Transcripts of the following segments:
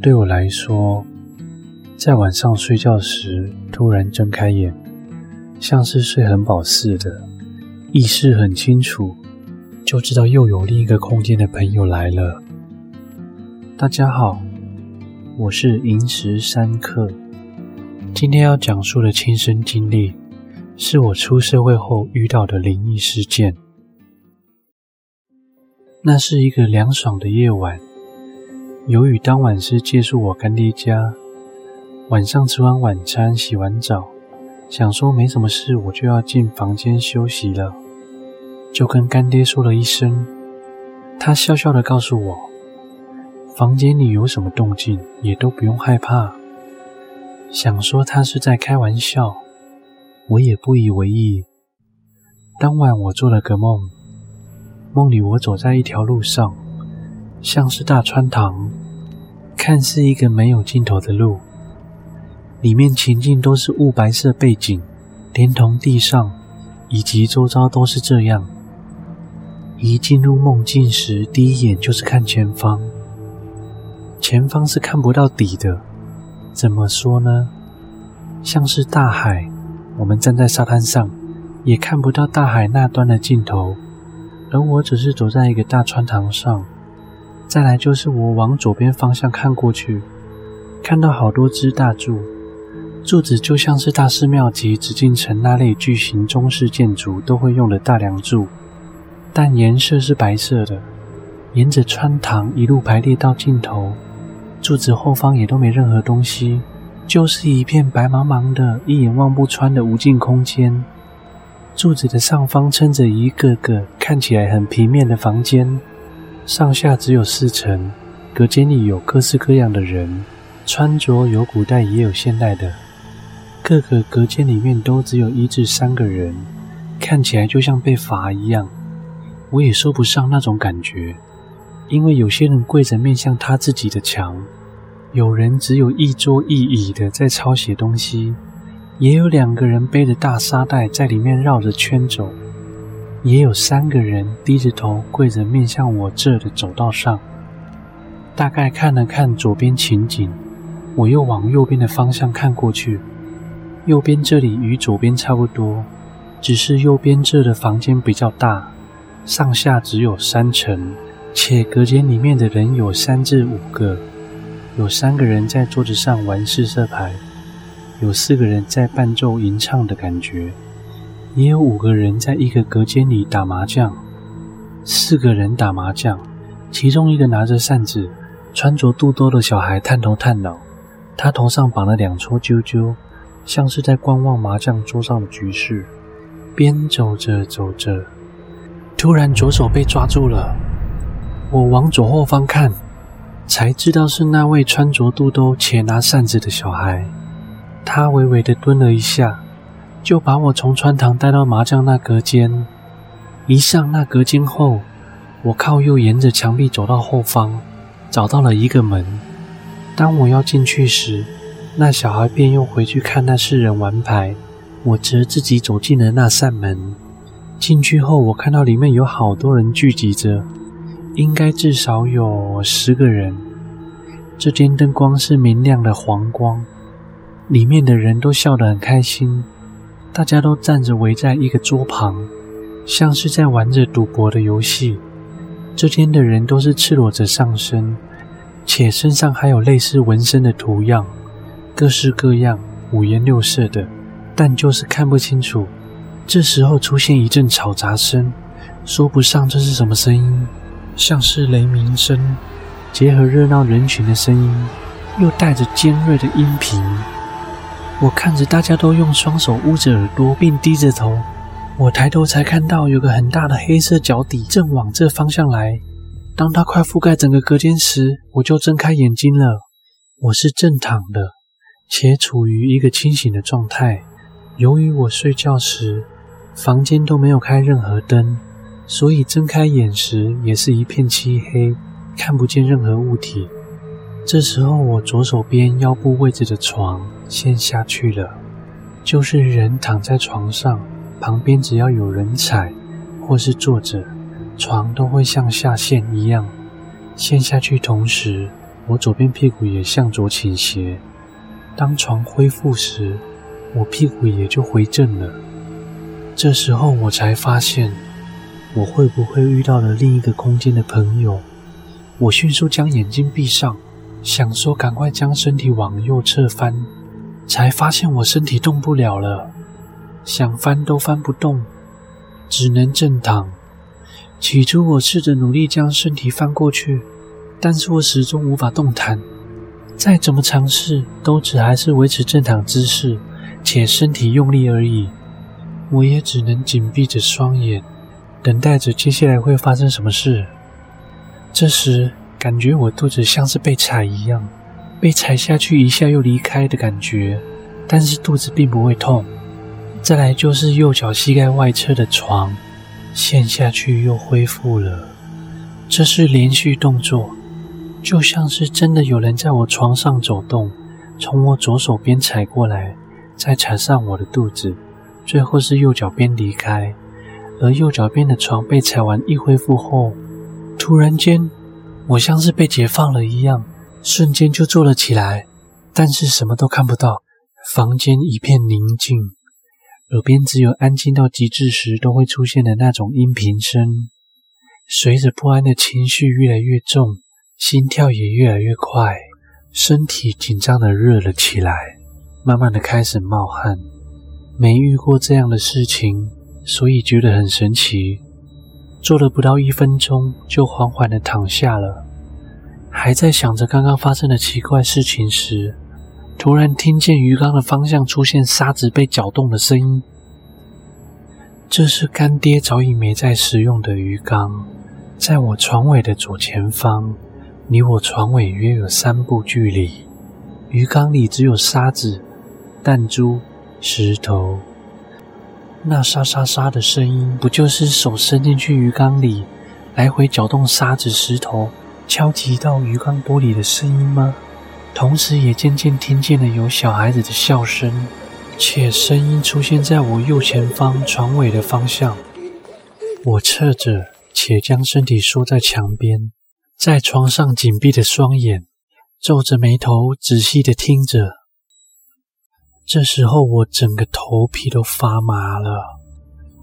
對我來說，在晚上睡覺時突然睜開眼，像是睡很飽似的，意識很清楚，就知道又有另一個空間的朋友來了。大家好，我是寅時三刻。今天要講述的親身經歷，是我出社會後遇到的靈異事件。那是一個涼爽的夜晚。由於當晚是借宿我乾爹家，晚上吃完晚餐，洗完澡，想說沒什麼事，我就要進房間休息了，就跟乾爹說了一聲。他笑笑的告訴我，房間裡有什麼動靜也都不用害怕。想說他是在開玩笑，我也不以為意。當晚我做了個夢，夢裡我走在一條路上。像是大穿堂，看似一個沒有盡頭的路，裡面情境都是霧白色背景，連同地上以及周遭都是這樣。一進入夢境時，第一眼就是看前方，前方是看不到底的。怎麼說呢？像是大海，我們站在沙灘上，也看不到大海那端的盡頭，而我只是走在一個大穿堂上。再來就是我往左邊方向看過去，看到好多支大柱，柱子就像是大寺廟及紫禁城那類巨型中式建築都會用的大樑柱，但顏色是白色的。沿着穿堂一路排列到盡頭，柱子後方也都沒任何東西，就是一片白茫茫的、一眼望不穿的無盡空間。柱子的上方撐着一個個看起來很平面的房間。上下只有四層，隔間裡有各式各樣的人，穿着有古代也有現代的，各個隔間裡面都只有一至三個人，看起來就像被罰一樣。我也說不上那種感覺，因為有些人跪着面向他自己的牆，有人只有一桌一椅的在抄寫東西，也有兩個人背着大沙袋在裡面繞着圈走。也有三個人低着頭跪着，面向我這的走道上。大概看了看左邊情景，我又往右邊的方向看過去。右邊這裡與左邊差不多，只是右邊這的房間比較大，上下只有三層，且隔間裡面的人有三至五個。有三個人在桌子上玩四色牌，有四個人在伴奏吟唱的感覺。也有五個人在一個隔間裡打麻將，四個人打麻將，其中一個拿着扇子、穿着肚兜的小孩探頭探腦，他頭上綁了兩撮啾啾，像是在觀望麻將桌上的局勢。邊走着走着，突然左手被抓住了。我往左後方看，才知道是那位穿着肚兜且拿扇子的小孩。他微微地蹲了一下。就把我從穿堂帶到麻將那隔間，一上那隔間後，我靠右沿着牆壁走到後方，找到了一個門。當我要進去時，那小孩便又回去看那四人玩牌，我則自己走進了那扇門。進去後，我看到裡面有好多人聚集着，應該至少有十個人。這間燈光是明亮的黃光，裡面的人都笑得很開心。大家都站着圍在一個桌旁，像是在玩着賭博的遊戲。這天的人都是赤裸着上身，且身上還有類似紋身的圖樣，各式各樣、五顏六色的，但就是看不清楚。這時候出現一陣吵雜聲，說不上這是什麼聲音，像是雷鳴聲，結合熱鬧人群的聲音，又帶着尖銳的音頻。我看着大家都用雙手捂着耳朵，並低着頭。我抬頭才看到有個很大的黑色腳底正往這方向來。當它快覆蓋整個隔間時，我就睜開眼睛了。我是正躺的，且處於一個清醒的狀態。由於我睡覺時房間都沒有開任何燈，所以睜開眼時也是一片漆黑，看不見任何物體。這時候，我左手邊腰部位置的床，陷下去了，就是人躺在床上，旁邊只要有人踩或是坐着，床都會向下陷一樣。陷下去同時，我左邊屁股也向左傾斜。當床恢復時，我屁股也就回正了。這時候我才發現，我會不會遇到了另一個空間的朋友？我迅速將眼睛閉上，想說趕快將身體往右側翻。才發現我身體動不了了，想翻都翻不動，只能正躺。起初我試着努力將身體翻過去，但是我始終無法動彈，再怎麼嘗試都只還是維持正躺姿勢，且身體用力而已。我也只能緊閉着雙眼，等待着接下來會發生什麼事。這時感覺我肚子像是被踩一樣。被踩下去一下又離開的感覺，但是肚子並不會痛。再來就是右腳膝蓋外側的床陷下去又恢復了，這是連續動作，就像是真的有人在我床上走動，從我左手邊踩過來，再踩上我的肚子，最後是右腳邊離開。而右腳邊的床被踩完一恢復後，突然間我像是被解放了一樣。瞬間就坐了起來，但是什麼都看不到，房間一片寧靜，耳邊只有安靜到極致時都會出現的那種音頻聲。隨着不安的情緒越來越重，心跳也越來越快，身體緊張的熱了起來，慢慢的開始冒汗。沒遇過這樣的事情，所以覺得很神奇。坐了不到一分鐘，就緩緩的躺下了。還在想着剛剛發生的奇怪事情時，突然聽見魚缸的方向出現沙子被攪動的聲音。這是乾爹早已沒在使用的魚缸，在我床尾的左前方，離我床尾約有三步距離。魚缸裡只有沙子、彈珠、石頭，那沙沙沙的聲音，不就是手伸進去魚缸裡，來回攪動沙子、石頭？敲擊到魚缸玻璃的聲音嗎？同時也漸漸聽見了有小孩子的笑聲，且聲音出現在我右前方床尾的方向。我側着，且將身體縮在牆邊，在床上緊閉的雙眼，皺着眉頭仔細的聽着。這時候我整個頭皮都發麻了，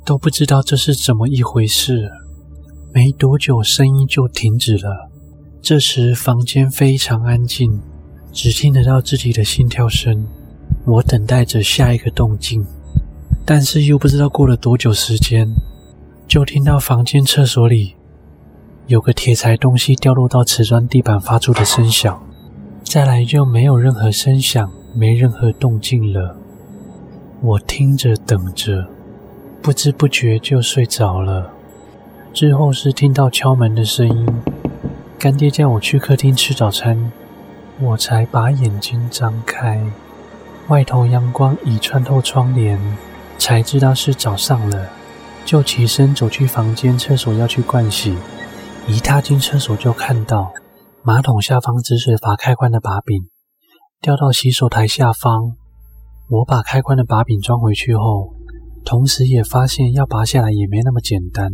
都不知道這是怎麼一回事。沒多久，聲音就停止了。這時，房間非常安靜，只聽得到自己的心跳聲。我等待着下一個動靜，但是又不知道過了多久時間，就聽到房間廁所裡有個鐵材東西掉落到瓷磚地板發出的聲響。再來就沒有任何聲響，沒任何動靜了。我聽着等着，不知不覺就睡着了。之後是聽到敲門的聲音。乾爹叫我去客廳吃早餐，我才把眼睛張開，外頭陽光已穿透窗簾，才知道是早上了，就起身走去房間廁所要去盥洗，一踏進廁所就看到馬桶下方止水閥開關的把柄掉到洗手台下方，我把開關的把柄裝回去後，同時也發現要拔下來也沒那麼簡單。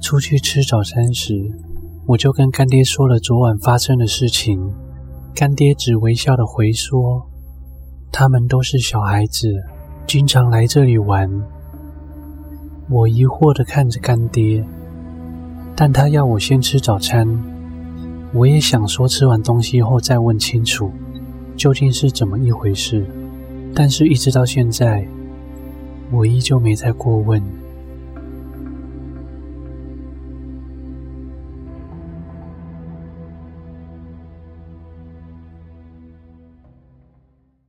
出去吃早餐時。我就跟乾爹說了昨晚發生的事情，乾爹只微笑的回說：“他們都是小孩子，經常來這裡玩。”我疑惑的看着乾爹，但他要我先吃早餐。我也想說吃完東西後再問清楚，究竟是怎麼一回事，但是一直到現在，我依舊沒再過問。